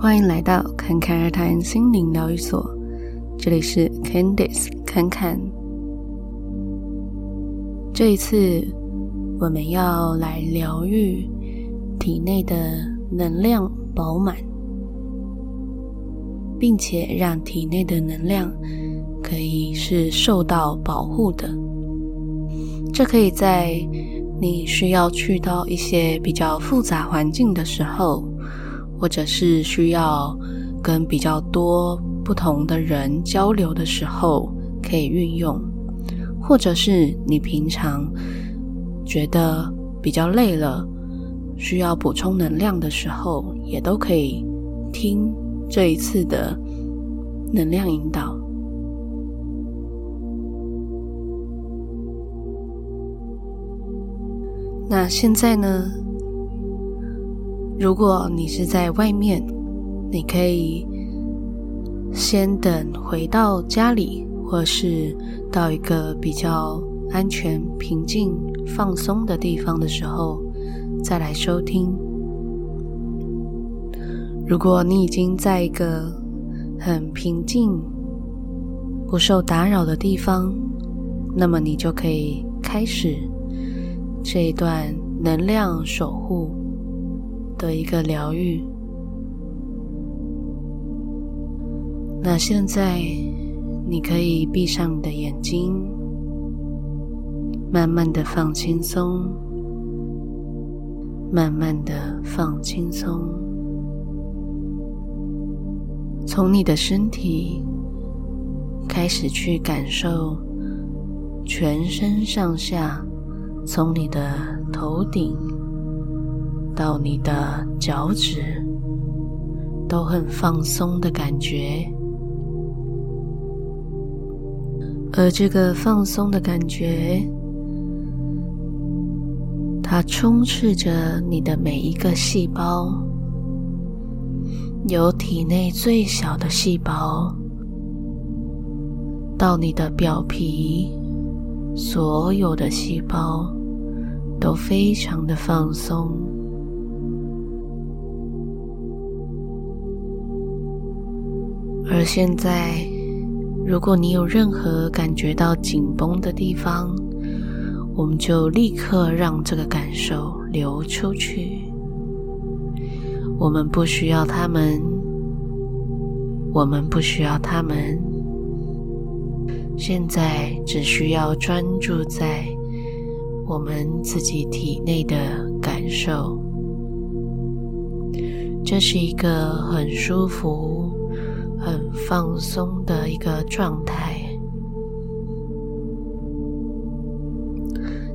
歡迎來到坎坎而談心靈療癒所，這裡是 Candice 坎坎。這一次，我們要來療癒體內的能量飽滿，並且讓體內的能量可以是受到保護的。這可以在你需要去到一些比較複雜環境的時候，或者是需要跟比較多不同的人交流的時候，可以運用；或者是你平常覺得比較累了，需要補充能量的時候，也都可以聽這一次的能量引導。那現在呢，如果你是在外面，你可以先等回到家裡，或是到一個比較安全、平靜、放鬆的地方的時候，再來收聽。如果你已經在一個很平靜、不受打擾的地方，那麼你就可以開始這一段能量守護，的一個療癒。那現在，你可以閉上你的眼睛，慢慢的放輕鬆，慢慢的放輕鬆，從你的身體開始去感受，全身上下，從你的頭頂。到你的腳趾都很放鬆的感覺，而這個放鬆的感覺，它充斥着你的每一個細胞，由體內最小的細胞到你的表皮，所有的細胞都非常的放鬆。而現在，如果你有任何感覺到緊繃的地方，我們就立刻讓這個感受流出去。我們不需要他們，我們不需要他們。現在只需要專注在我們自己體內的感受，這是一個很舒服，放鬆的一個狀態，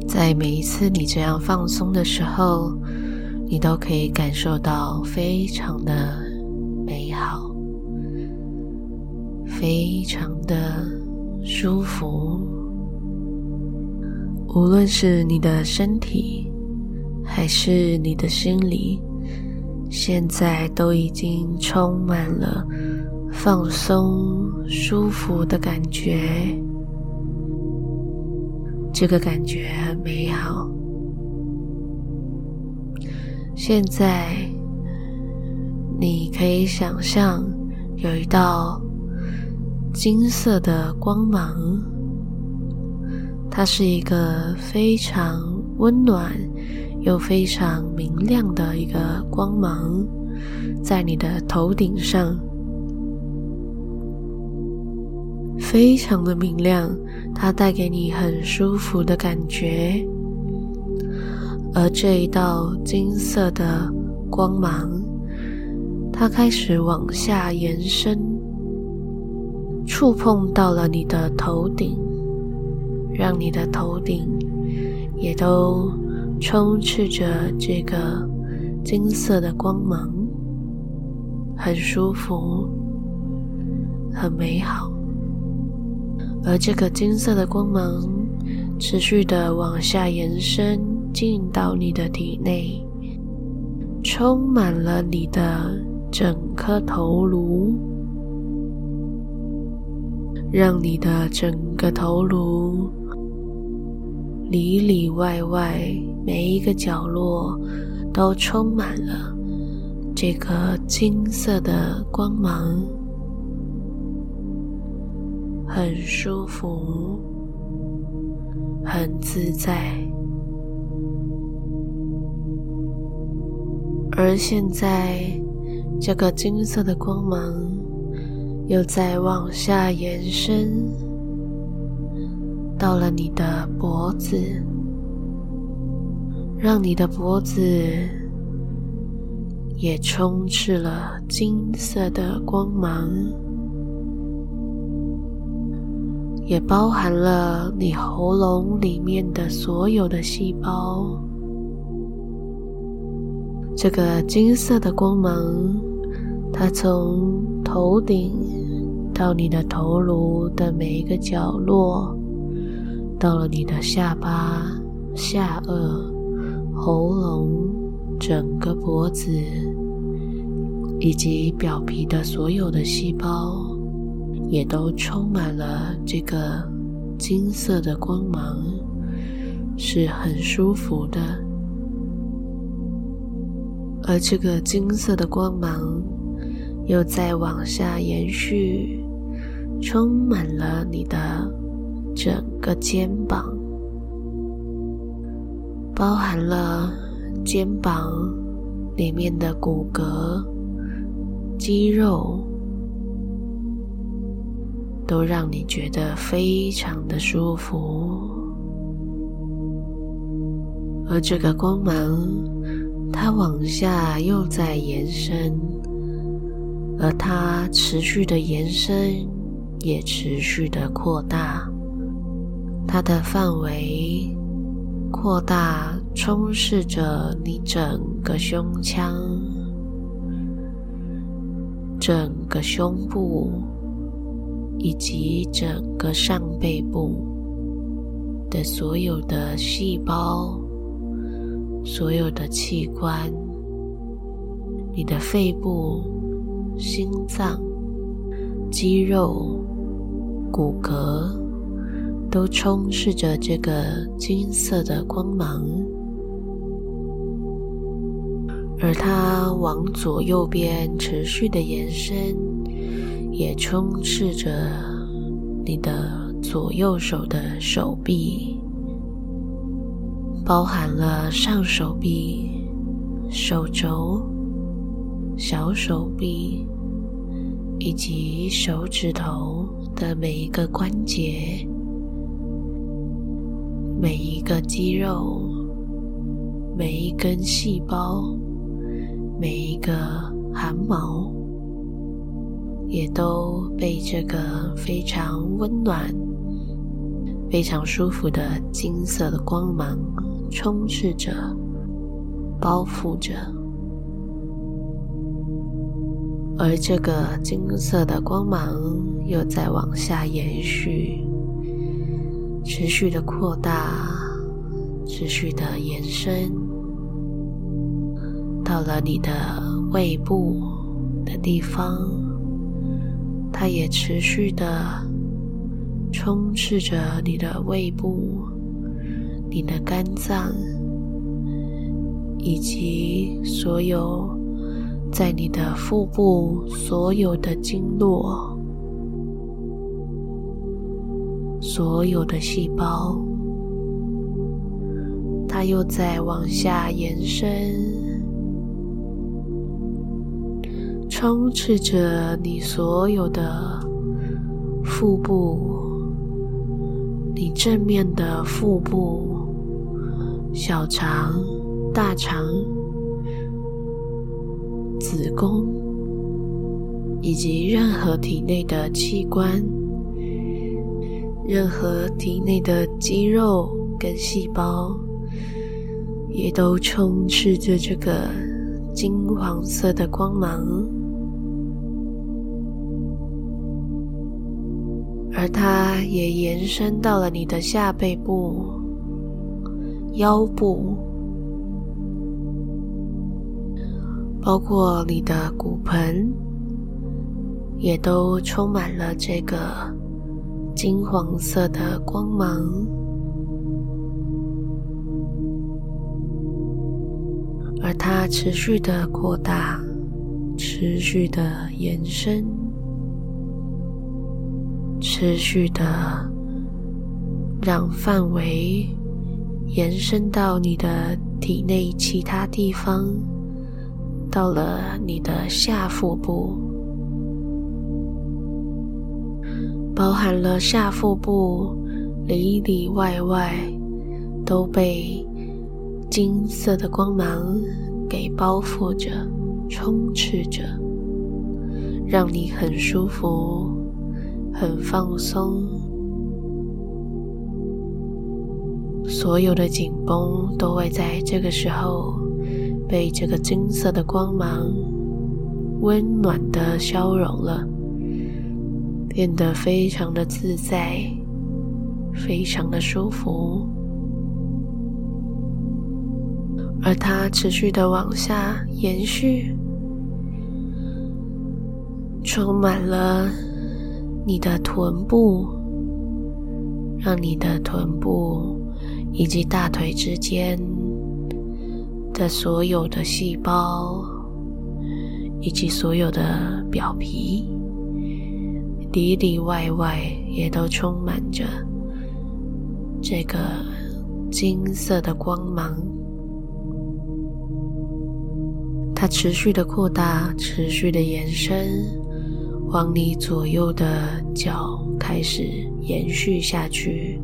在每一次你這樣放鬆的時候，你都可以感受到非常的美好，非常的舒服。無論是你的身體還是你的心裡，現在都已經充滿了放鬆、舒服的感覺，這個感覺很美好。現在，你可以想象有一道金色的光芒，它是一個非常溫暖又非常明亮的一個光芒，在你的頭頂上。非常的明亮，它帶給你很舒服的感覺。而這一道金色的光芒，它開始往下延伸，觸碰到了你的頭頂，讓你的頭頂也都充斥着這個金色的光芒，很舒服，很美好。而這個金色的光芒持續地往下延伸，進到你的體內，充滿了你的整顆頭顱，讓你的整個頭顱裡裡外外每一個角落都充滿了這個金色的光芒。很舒服，很自在。而現在，這個金色的光芒又在往下延伸，到了你的脖子，讓你的脖子也充斥了金色的光芒。也包含了你喉嚨裡面的所有的細胞。這個金色的光芒，它從頭頂到你的頭顱的每一個角落，到了你的下巴、下顎、喉嚨、整個脖子，以及表皮的所有的細胞。也都充滿了這個金色的光芒，是很舒服的。而這個金色的光芒又在往下延續，充滿了你的整個肩膀，包含了肩膀裡面的骨骼、肌肉。都讓你覺得非常的舒服，而這個光芒，它往下又在延伸，而它持續的延伸，也持續的擴大，它的範圍擴大，充斥着你整個胸腔，整個胸部。以及整個上背部的所有的細胞、所有的器官，你的肺部、心臟、肌肉、骨骼都充斥着這個金色的光芒，而它往左右邊持續的延伸。也充斥着你的左右手的手臂，包含了上手臂、手肘、小手臂以及手指頭的每一個關節、每一個肌肉、每一根細胞、每一個汗毛。也都被這個非常溫暖、非常舒服的金色的光芒充斥着、包覆着，而這個金色的光芒又在往下延續、持續的擴大、持續的延伸，到了你的胃部的地方。它也持續的充斥着你的胃部、你的肝臟，以及所有在你的腹部所有的經絡、所有的細胞，它又在往下延伸。充斥着你所有的腹部，你正面的腹部、小腸、大腸、子宮，以及任何體內的器官、任何體內的肌肉跟細胞，也都充斥着這個金黃色的光芒。而它也延伸到了你的下背部、腰部，包括你的骨盆，也都充滿了這個金黃色的光芒。而它持續的擴大，持續的延伸。持續的讓範圍延伸到你的體內其他地方，到了你的下腹部，包含了下腹部裡裡外外都被金色的光芒給包覆着、充斥着，讓你很舒服。很放鬆，所有的緊繃都會在這個時候被這個金色的光芒溫暖的消融了，變得非常的自在，非常的舒服，而它持續的往下延續，充滿了。你的臀部，讓你的臀部以及大腿之間的所有的細胞，以及所有的表皮，裡裡外外也都充滿着這個金色的光芒。它持續的擴大，持續的延伸。往你左右的腳開始延續下去，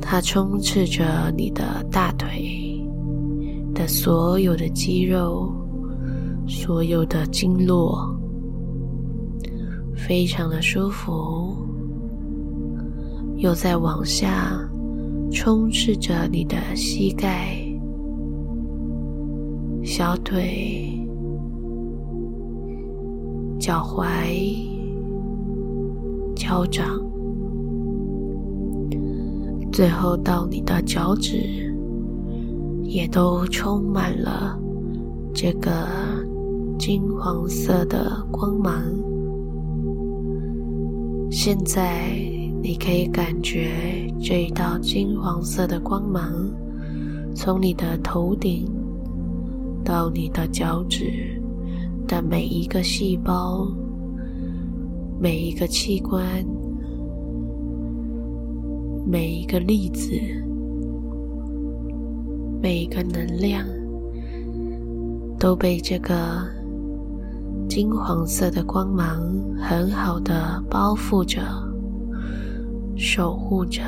它充斥着你的大腿的所有的肌肉、所有的經絡，非常的舒服，又再往下充斥着你的膝蓋、小腿。腳踝、腳掌，最後到你的腳趾，也都充滿了這個金黃色的光芒。現在你可以感覺這一道金黃色的光芒，從你的頭頂到你的腳趾。的每一個細胞、每一個器官、每一個粒子、每一個能量，都被這個金黃色的光芒很好的包覆着、守護着，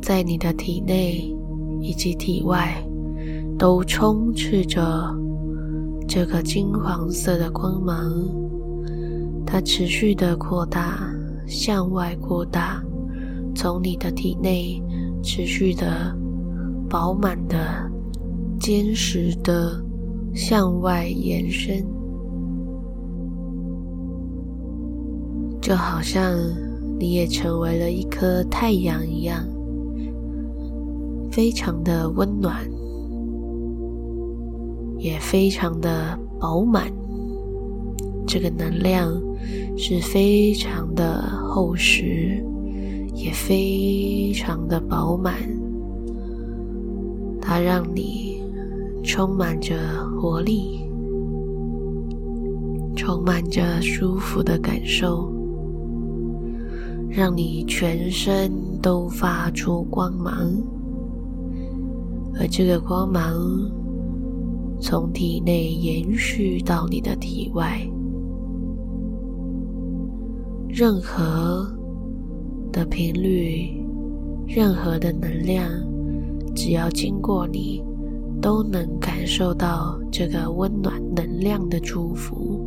在你的體內以及體外。都充斥着這個金黃色的光芒，它持續的擴大，向外擴大，從你的體內持續的、飽滿的、堅實的向外延伸。就好像你也成為了一顆太陽一樣，非常的溫暖。也非常的飽滿，這個能量是非常的厚實，也非常的飽滿，它讓你充滿着活力，充滿着舒服的感受，讓你全身都發出光芒，而這個光芒。從體內延續到你的體外，任何的頻率，任何的能量，只要經過你，都能感受到這個溫暖能量的祝福。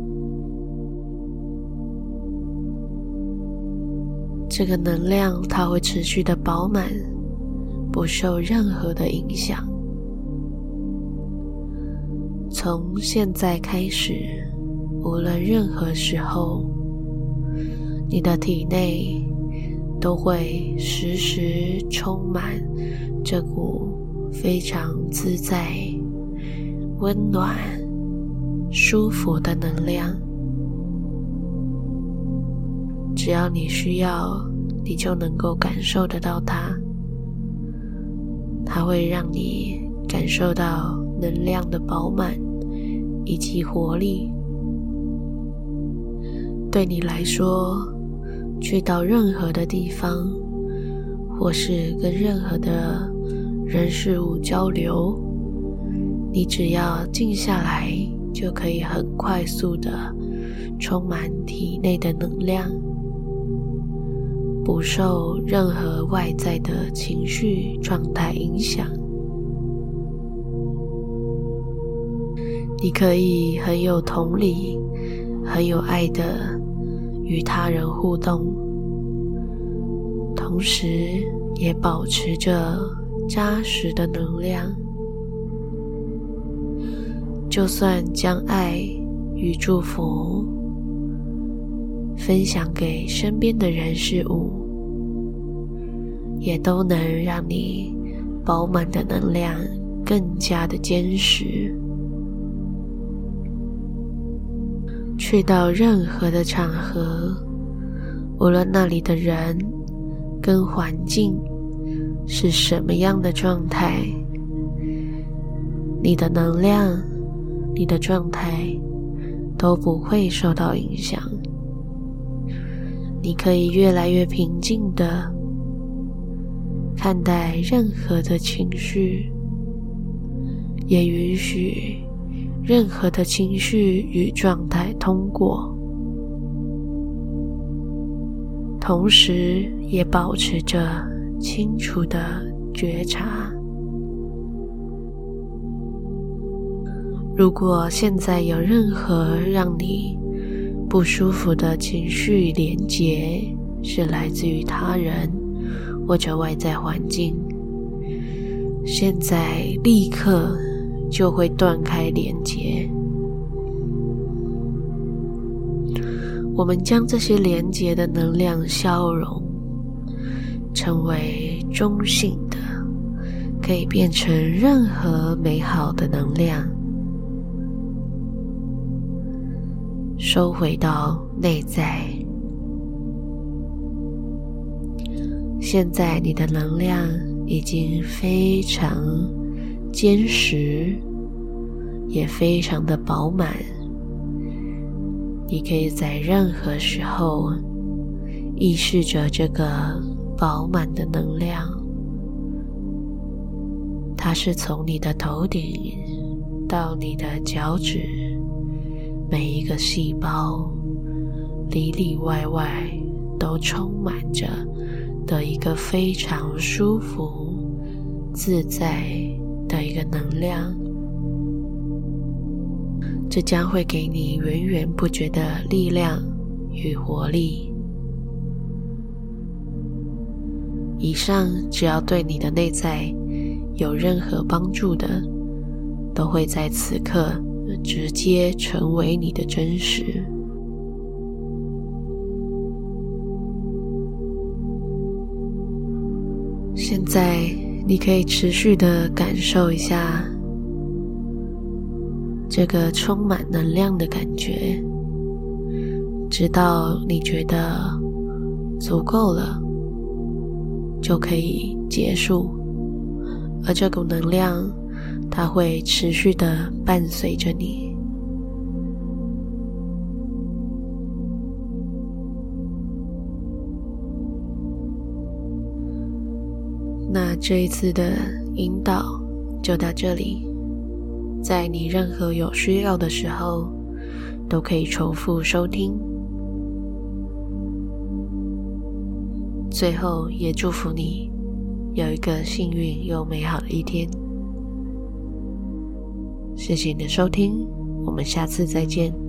這個能量它會持續的飽滿，不受任何的影響。從現在開始，無論任何時候，你的體內都會時時充滿這股非常自在、溫暖、舒服的能量。只要你需要，你就能夠感受得到它，它會讓你感受到。能量的飽滿以及活力，對你來說，去到任何的地方，或是跟任何的人事物交流，你只要靜下來，就可以很快速地充滿體內的能量，不受任何外在的情緒狀態影響。你可以很有同理、很有愛的與他人互動，同時也保持着扎實的能量。就算將愛與祝福分享給身邊的人事物，也都能讓你飽滿的能量更加的堅實。去到任何的場合，無論那裡的人跟環境是什麼樣的狀態，你的能量、你的狀態都不會受到影響。你可以越來越平靜地看待任何的情緒，也允許。任何的情緒與狀態通過，同時也保持着清楚的覺察。如果現在有任何讓你不舒服的情緒連結，是來自於他人，或者外在環境，現在立刻。就會斷開連接。我們將這些連接的能量消融，成為中性的，可以變成任何美好的能量，收回到內在。現在你的能量已經非常。堅實，也非常的飽滿。你可以在任何時候意識着這個飽滿的能量，它是從你的頭頂到你的腳趾，每一個細胞裡裡外外都充滿着的一個非常舒服、自在。的一個能量，這將會給你源源不絕的力量與活力。以上只要對你的內在有任何幫助的，都會在此刻直接成為你的真實。現在。你可以持續的感受一下這個充滿能量的感覺，直到你覺得足夠了，就可以結束。而這股能量，它會持續的伴隨着你。這一次的引導就到這裡，在你任何有需要的時候，都可以重複收聽。最後也祝福你有一個幸運又美好的一天。謝謝你的收聽，我們下次再見。